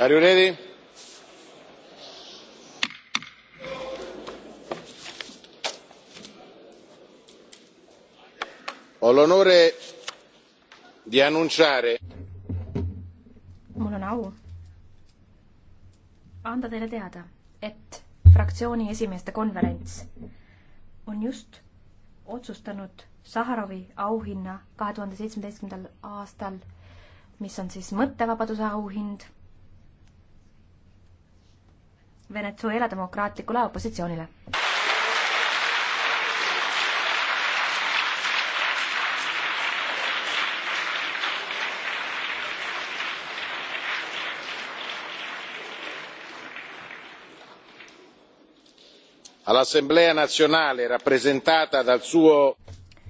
are you ready? ho l'onore di annunciare mul on au anda teile teada, et fraktsiooni esimeeste konverents on just otsustanud Saharovi auhinna kahe tuhande seitsmeteistkümnendal aastal, mis on siis mõttevabaduse auhind Venezuela demokraatlikule opositsioonile. all'assemblea nazionale rappresentata dal suo